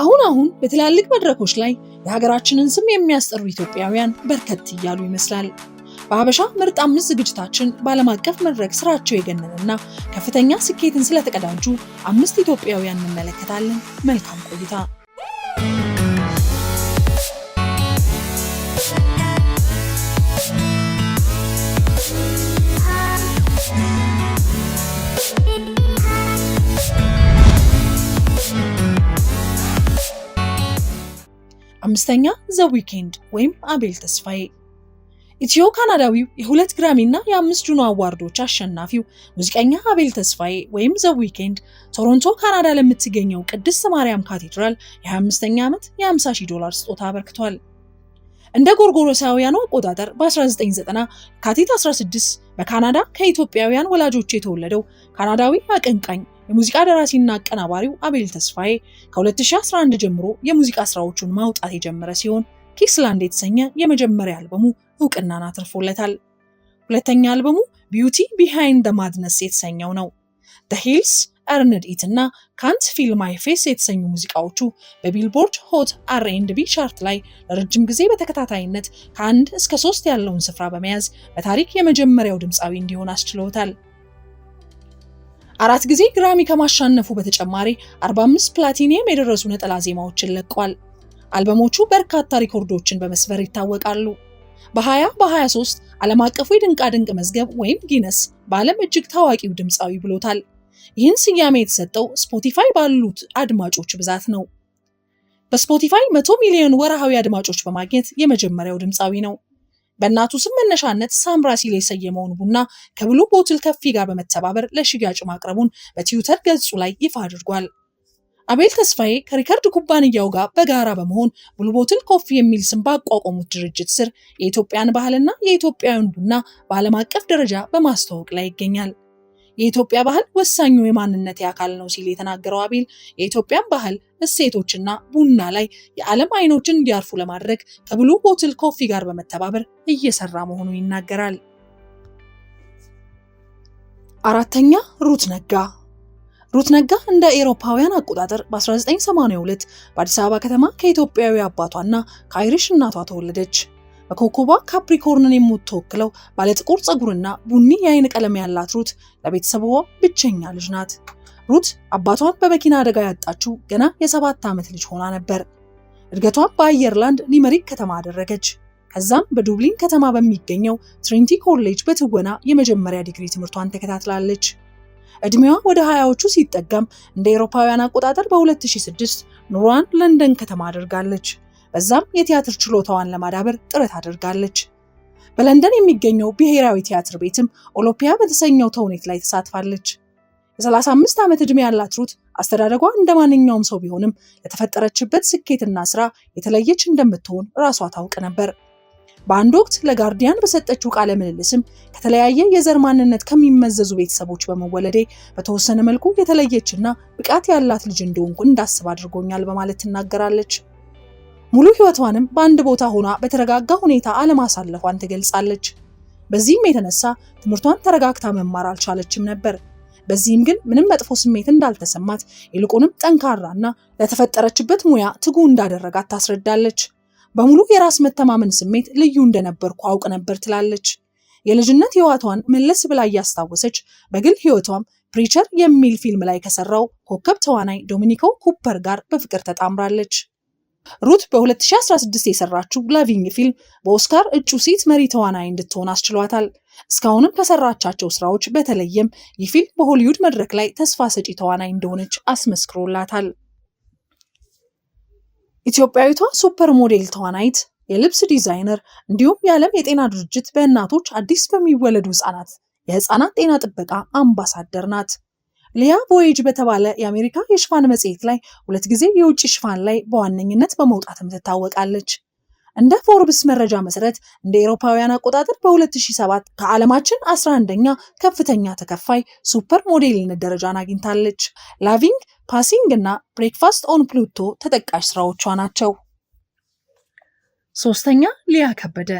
አሁን አሁን በትላልቅ መድረኮች ላይ የሀገራችንን ስም የሚያስጠሩ ኢትዮጵያውያን በርከት እያሉ ይመስላል። በሀበሻ ምርጥ አምስት ዝግጅታችን በዓለም አቀፍ መድረክ ስራቸው የገነነና ከፍተኛ ስኬትን ስለተቀዳጁ አምስት ኢትዮጵያውያን እንመለከታለን። መልካም ቆይታ። አምስተኛ ዘ ዊኬንድ ወይም አቤል ተስፋዬ ኢትዮ ካናዳዊው የሁለት ግራሚ እና የአምስት ጁኖ አዋርዶች አሸናፊው ሙዚቀኛ አቤል ተስፋዬ ወይም ዘ ዊኬንድ ቶሮንቶ ካናዳ ለምትገኘው ቅድስት ማርያም ካቴድራል የ25ኛ ዓመት የ50 ሺህ ዶላር ስጦታ አበርክቷል። እንደ ጎርጎሮሳውያኑ አቆጣጠር በ1990 የካቲት 16 በካናዳ ከኢትዮጵያውያን ወላጆች የተወለደው ካናዳዊ አቀንቃኝ የሙዚቃ ደራሲና አቀናባሪው አቤል ተስፋዬ ከ2011 ጀምሮ የሙዚቃ ስራዎቹን ማውጣት የጀመረ ሲሆን ኪስላንድ የተሰኘ የመጀመሪያ አልበሙ እውቅናን አትርፎለታል። ሁለተኛ አልበሙ ቢዩቲ ቢሃይንድ ደ ማድነስ የተሰኘው ነው። ደ ሂልስ፣ እርንድ ኢት እና ካንት ፊል ማይ ፌስ የተሰኙ ሙዚቃዎቹ በቢልቦርድ ሆት አር ኤንድ ቢ ቻርት ላይ ለረጅም ጊዜ በተከታታይነት ከአንድ እስከ ሶስት ያለውን ስፍራ በመያዝ በታሪክ የመጀመሪያው ድምፃዊ እንዲሆን አስችለውታል። አራት ጊዜ ግራሚ ከማሻነፉ በተጨማሪ 45 ፕላቲኒየም የደረሱ ነጠላ ዜማዎችን ለቋል። አልበሞቹ በርካታ ሪኮርዶችን በመስበር ይታወቃሉ። በ20 በ23 ዓለም አቀፉ የድንቃድንቅ መዝገብ ወይም ጊነስ በዓለም እጅግ ታዋቂው ድምፃዊ ብሎታል። ይህን ስያሜ የተሰጠው ስፖቲፋይ ባሉት አድማጮች ብዛት ነው። በስፖቲፋይ 100 ሚሊዮን ወርሃዊ አድማጮች በማግኘት የመጀመሪያው ድምፃዊ ነው። በእናቱ ስም መነሻነት ሳምራ ሲል የሰየመውን ቡና ከብሉ ቦትል ከፊ ጋር በመተባበር ለሽያጭ ማቅረቡን በትዊተር ገጹ ላይ ይፋ አድርጓል። አቤል ተስፋዬ ከሪከርድ ኩባንያው ጋር በጋራ በመሆን ብሉቦትል ኮፊ የሚል ስም ባቋቋሙት ድርጅት ስር የኢትዮጵያን ባህልና የኢትዮጵያውያን ቡና በዓለም አቀፍ ደረጃ በማስተዋወቅ ላይ ይገኛል። የኢትዮጵያ ባህል ወሳኙ የማንነት አካል ነው ሲል የተናገረው አቤል የኢትዮጵያን ባህል እሴቶችና ቡና ላይ የዓለም አይኖችን እንዲያርፉ ለማድረግ ከብሉ ቦትል ኮፊ ጋር በመተባበር እየሰራ መሆኑን ይናገራል። አራተኛ ሩት ነጋ ሩት ነጋ እንደ ኤሮፓውያን አቆጣጠር በ1982 በአዲስ አበባ ከተማ ከኢትዮጵያዊ አባቷና ከአይሪሽ እናቷ ተወለደች። በኮከቧ ካፕሪኮርንን የምትወክለው ባለጥቁር ፀጉርና ቡኒ የአይን ቀለም ያላት ሩት ለቤተሰቧ ብቸኛ ልጅ ናት። ሩት አባቷን በመኪና አደጋ ያጣችው ገና የሰባት ዓመት ልጅ ሆና ነበር። እድገቷን በአየርላንድ ሊመሪክ ከተማ አደረገች። ከዛም በዱብሊን ከተማ በሚገኘው ትሪኒቲ ኮሌጅ በትወና የመጀመሪያ ዲግሪ ትምህርቷን ተከታትላለች። እድሜዋ ወደ ሀያዎቹ ሲጠጋም እንደ አውሮፓውያን አቆጣጠር በ2006 ኑሯን ለንደን ከተማ አድርጋለች። በዛም የቲያትር ችሎታዋን ለማዳበር ጥረት አድርጋለች። በለንደን የሚገኘው ብሔራዊ ቲያትር ቤትም ኦሎፒያ በተሰኘው ተውኔት ላይ ተሳትፋለች። የ35 ዓመት ዕድሜ ያላት ሩት አስተዳደጓ እንደ ማንኛውም ሰው ቢሆንም ለተፈጠረችበት ስኬትና ስራ የተለየች እንደምትሆን ራሷ ታውቅ ነበር። በአንድ ወቅት ለጋርዲያን በሰጠችው ቃለ ምልልስም ከተለያየ የዘር ማንነት ከሚመዘዙ ቤተሰቦች በመወለዴ በተወሰነ መልኩ የተለየችና ብቃት ያላት ልጅ እንደሆንኩ እንዳስብ አድርጎኛል በማለት ትናገራለች። ሙሉ ህይወቷንም በአንድ ቦታ ሆና በተረጋጋ ሁኔታ አለማሳለፏን ትገልጻለች። በዚህም የተነሳ ትምህርቷን ተረጋግታ መማር አልቻለችም ነበር። በዚህም ግን ምንም መጥፎ ስሜት እንዳልተሰማት ይልቁንም ጠንካራና ለተፈጠረችበት ሙያ ትጉ እንዳደረጋት ታስረዳለች። በሙሉ የራስ መተማመን ስሜት ልዩ እንደነበርኩ አውቅ ነበር ትላለች። የልጅነት ህይወቷን መለስ ብላ እያስታወሰች በግል ህይወቷም ፕሪቸር የሚል ፊልም ላይ ከሰራው ኮከብ ተዋናይ ዶሚኒኮ ኩፐር ጋር በፍቅር ተጣምራለች። ሩት በ2016 የሰራችው ላቪኝ ፊልም በኦስካር እጩ ሴት መሪ ተዋናይ እንድትሆን አስችሏታል። እስካሁንም ከሰራቻቸው ስራዎች በተለይም ይህ ፊልም በሆሊውድ መድረክ ላይ ተስፋ ሰጪ ተዋናይ እንደሆነች አስመስክሮላታል። ኢትዮጵያዊቷ ሱፐር ሞዴል ተዋናይት፣ የልብስ ዲዛይነር እንዲሁም የዓለም የጤና ድርጅት በእናቶች አዲስ በሚወለዱ ህጻናት የህፃናት ጤና ጥበቃ አምባሳደር ናት። ሊያ ቮይጅ በተባለ የአሜሪካ የሽፋን መጽሔት ላይ ሁለት ጊዜ የውጭ ሽፋን ላይ በዋነኝነት በመውጣትም ትታወቃለች። እንደ ፎርብስ መረጃ መሰረት እንደ ኤሮፓውያን አቆጣጠር በ2007 ከዓለማችን 11ኛ ከፍተኛ ተከፋይ ሱፐር ሞዴልነት ደረጃን አግኝታለች። ላቪንግ፣ ፓሲንግ እና ብሬክፋስት ኦን ፕሉቶ ተጠቃሽ ስራዎቿ ናቸው። ሶስተኛ ሊያ ከበደ።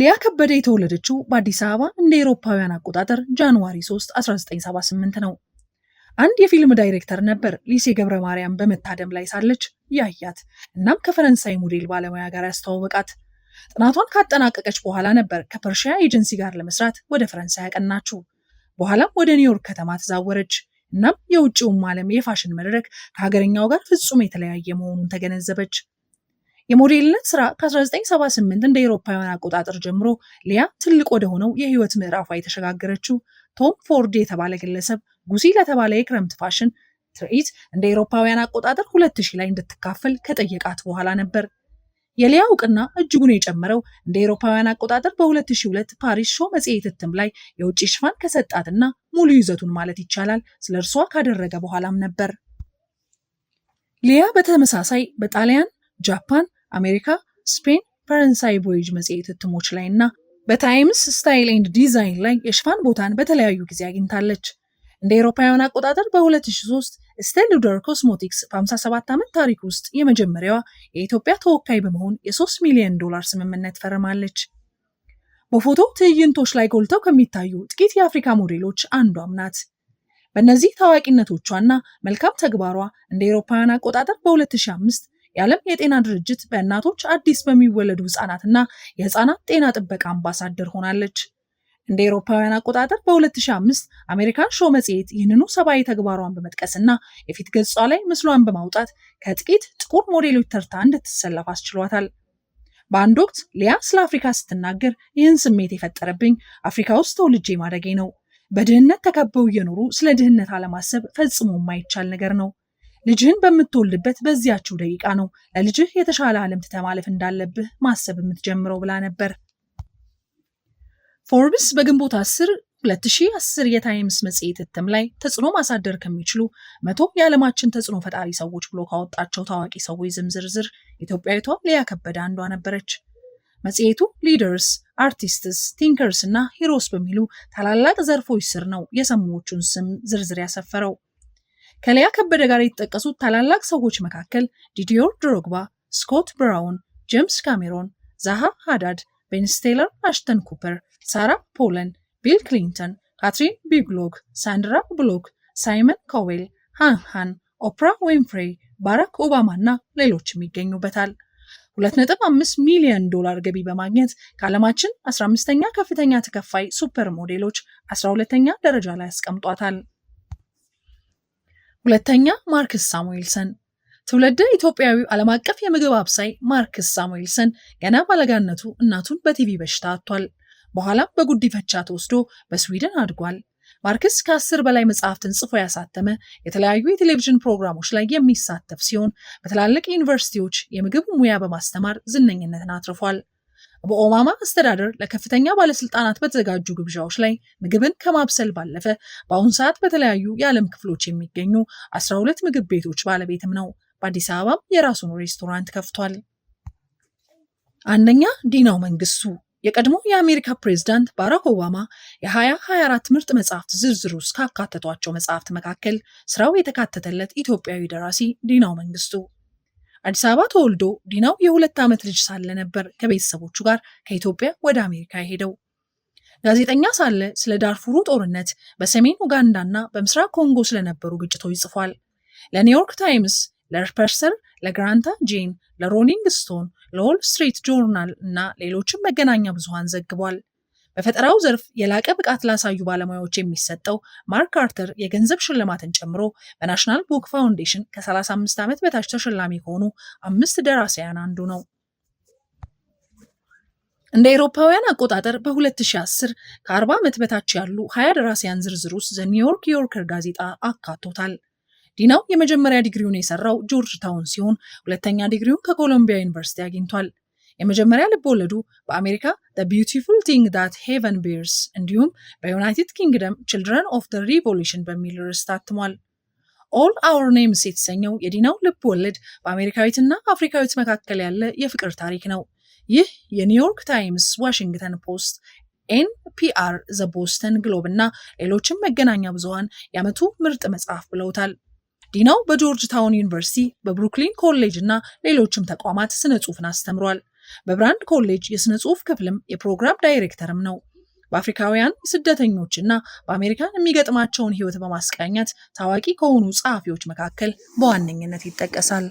ሊያ ከበደ የተወለደችው በአዲስ አበባ እንደ ኤሮፓውያን አቆጣጠር ጃንዋሪ 3 1978 ነው። አንድ የፊልም ዳይሬክተር ነበር ሊሴ ገብረ ማርያም በመታደም ላይ ሳለች ያያት። እናም ከፈረንሳይ ሞዴል ባለሙያ ጋር ያስተዋወቃት። ጥናቷን ካጠናቀቀች በኋላ ነበር ከፐርሺያ ኤጀንሲ ጋር ለመስራት ወደ ፈረንሳይ ያቀናችው። በኋላም ወደ ኒውዮርክ ከተማ ተዛወረች። እናም የውጭውም ዓለም የፋሽን መድረክ ከሀገረኛው ጋር ፍጹም የተለያየ መሆኑን ተገነዘበች። የሞዴልነት ስራ ከ1978 እንደ ኤሮፓውያን አቆጣጠር ጀምሮ ሊያ ትልቅ ወደሆነው የህይወት ምዕራፏ የተሸጋገረችው ቶም ፎርድ የተባለ ግለሰብ ጉሲ ለተባለ የክረምት ፋሽን ትርኢት እንደ ኤሮፓውያን አቆጣጠር 2000 ላይ እንድትካፈል ከጠየቃት በኋላ ነበር። የሊያ እውቅና እጅጉን የጨመረው እንደ ኤሮፓውያን አቆጣጠር በ2002 ፓሪስ ሾ መጽሔት እትም ላይ የውጭ ሽፋን ከሰጣትና ሙሉ ይዘቱን ማለት ይቻላል ስለ እርሷ ካደረገ በኋላም ነበር። ሊያ በተመሳሳይ በጣሊያን፣ ጃፓን፣ አሜሪካ፣ ስፔን፣ ፈረንሳይ ቮይጅ መጽሔት እትሞች ላይ እና በታይምስ ስታይል ኤንድ ዲዛይን ላይ የሽፋን ቦታን በተለያዩ ጊዜ አግኝታለች። እንደ አውሮፓውያን አቆጣጠር በ2003 ስቴልዶር ኮስሞቲክስ በ57 ዓመት ታሪክ ውስጥ የመጀመሪያዋ የኢትዮጵያ ተወካይ በመሆን የ3 ሚሊዮን ዶላር ስምምነት ፈርማለች። በፎቶ ትዕይንቶች ላይ ጎልተው ከሚታዩ ጥቂት የአፍሪካ ሞዴሎች አንዷም ናት። በእነዚህ ታዋቂነቶቿና መልካም ተግባሯ እንደ አውሮፓውያን አቆጣጠር በ2005 የዓለም የጤና ድርጅት በእናቶች አዲስ በሚወለዱ ህጻናትና የህፃናት ጤና ጥበቃ አምባሳደር ሆናለች። እንደ ኤሮፓውያን አቆጣጠር በ2005 አሜሪካን ሾው መጽሔት ይህንኑ ሰብአዊ ተግባሯን በመጥቀስና የፊት ገጿ ላይ ምስሏን በማውጣት ከጥቂት ጥቁር ሞዴሎች ተርታ እንድትሰለፍ አስችሏታል። በአንድ ወቅት ሊያ ስለ አፍሪካ ስትናገር ይህን ስሜት የፈጠረብኝ አፍሪካ ውስጥ ተወልጄ ማደጌ ነው። በድህነት ተከበው እየኖሩ ስለ ድህነት አለማሰብ ፈጽሞ የማይቻል ነገር ነው። ልጅህን በምትወልድበት በዚያችው ደቂቃ ነው ለልጅህ የተሻለ ዓለም ትተህ ማለፍ እንዳለብህ ማሰብ የምትጀምረው ብላ ነበር። ፎርብስ በግንቦት 10 2010 የታይምስ መጽሔት እትም ላይ ተጽዕኖ ማሳደር ከሚችሉ መቶ የዓለማችን ተጽዕኖ ፈጣሪ ሰዎች ብሎ ካወጣቸው ታዋቂ ሰዎች ዝምዝርዝር ኢትዮጵያዊቷ ሊያ ከበደ አንዷ ነበረች። መጽሔቱ ሊደርስ፣ አርቲስትስ፣ ቲንከርስ እና ሂሮስ በሚሉ ታላላቅ ዘርፎች ስር ነው የሰዎቹን ስም ዝርዝር ያሰፈረው። ከሊያ ከበደ ጋር የተጠቀሱት ታላላቅ ሰዎች መካከል ዲዲዮር ድሮግባ፣ ስኮት ብራውን፣ ጄምስ ካሜሮን፣ ዛሃ ሃዳድ፣ ቤንስቴለር፣ አሽተን ኩፐር፣ ሳራ ፖለን፣ ቢል ክሊንተን፣ ካትሪን ቢግሎክ፣ ሳንድራ ብሎክ፣ ሳይመን ኮዌል፣ ሃንሃን፣ ኦፕራ ዊንፍሬ፣ ባራክ ኦባማ እና ሌሎችም ይገኙበታል። 2.5 ሚሊዮን ዶላር ገቢ በማግኘት ከዓለማችን 15ኛ ከፍተኛ ተከፋይ ሱፐር ሞዴሎች 12ኛ ደረጃ ላይ አስቀምጧታል። ሁለተኛ ማርክስ ሳሙኤልሰን ትውልደ ኢትዮጵያዊ ዓለም አቀፍ የምግብ አብሳይ ማርክስ ሳሙኤልሰን ገና ባለጋነቱ እናቱን በቲቪ በሽታ አጥቷል። በኋላም በጉዲፈቻ ተወስዶ በስዊድን አድጓል። ማርክስ ከአስር በላይ መጽሐፍትን ጽፎ ያሳተመ፣ የተለያዩ የቴሌቪዥን ፕሮግራሞች ላይ የሚሳተፍ ሲሆን በትላልቅ ዩኒቨርሲቲዎች የምግብ ሙያ በማስተማር ዝነኝነትን አትርፏል። በኦባማ አስተዳደር ለከፍተኛ ባለስልጣናት በተዘጋጁ ግብዣዎች ላይ ምግብን ከማብሰል ባለፈ በአሁኑ ሰዓት በተለያዩ የዓለም ክፍሎች የሚገኙ 12 ምግብ ቤቶች ባለቤትም ነው። በአዲስ አበባም የራሱን ሬስቶራንት ከፍቷል። አንደኛ ዲናው መንግስቱ የቀድሞ የአሜሪካ ፕሬዝዳንት ባራክ ኦባማ የ2024 ምርጥ መጽሐፍት ዝርዝር ውስጥ ካካተቷቸው መጽሐፍት መካከል ስራው የተካተተለት ኢትዮጵያዊ ደራሲ ዲናው መንግስቱ አዲስ አበባ ተወልዶ ዲናው የሁለት ዓመት ልጅ ሳለ ነበር ከቤተሰቦቹ ጋር ከኢትዮጵያ ወደ አሜሪካ የሄደው። ጋዜጠኛ ሳለ ስለ ዳርፉሩ ጦርነት፣ በሰሜን ኡጋንዳና በምስራቅ ኮንጎ ስለነበሩ ግጭቶች ጽፏል። ለኒውዮርክ ታይምስ፣ ለርፐርሰር፣ ለግራንታ ጄን፣ ለሮሊንግ ስቶን፣ ለዎል ስትሪት ጆርናል እና ሌሎችም መገናኛ ብዙሃን ዘግቧል። በፈጠራው ዘርፍ የላቀ ብቃት ላሳዩ ባለሙያዎች የሚሰጠው ማርክ ካርተር የገንዘብ ሽልማትን ጨምሮ በናሽናል ቡክ ፋውንዴሽን ከ35 ዓመት በታች ተሸላሚ ከሆኑ አምስት ደራሲያን አንዱ ነው። እንደ አውሮፓውያን አቆጣጠር በ2010 ከ40 ዓመት በታች ያሉ 20 ደራሲያን ዝርዝር ውስጥ ዘኒውዮርክ ዮርከር ጋዜጣ አካቶታል። ዲናው የመጀመሪያ ዲግሪውን የሰራው ጆርጅ ታውን ሲሆን ሁለተኛ ዲግሪውን ከኮሎምቢያ ዩኒቨርሲቲ አግኝቷል። የመጀመሪያ ልብ ወለዱ በአሜሪካ ዘ ቢዩቲፉል ቲንግ ዳት ሄቨን ቤርስ እንዲሁም በዩናይትድ ኪንግደም ችልድረን ኦፍ ዘ ሪቮሉሽን በሚል ርዕስ ታትሟል። ኦል አውር ኔምስ የተሰኘው የዲናው ልብ ወለድ በአሜሪካዊትና አፍሪካዊት መካከል ያለ የፍቅር ታሪክ ነው። ይህ የኒውዮርክ ታይምስ፣ ዋሽንግተን ፖስት፣ ኤንፒአር፣ ዘ ቦስተን ግሎብ እና ሌሎችም መገናኛ ብዙሃን የዓመቱ ምርጥ መጽሐፍ ብለውታል። ዲናው በጆርጅ ታውን ዩኒቨርሲቲ፣ በብሩክሊን ኮሌጅ እና ሌሎችም ተቋማት ስነ ጽሑፍን አስተምሯል። በብራንድ ኮሌጅ የሥነ ጽሑፍ ክፍልም የፕሮግራም ዳይሬክተርም ነው። በአፍሪካውያን ስደተኞችና በአሜሪካን የሚገጥማቸውን ሕይወት በማስቃኘት ታዋቂ ከሆኑ ጸሐፊዎች መካከል በዋነኝነት ይጠቀሳል።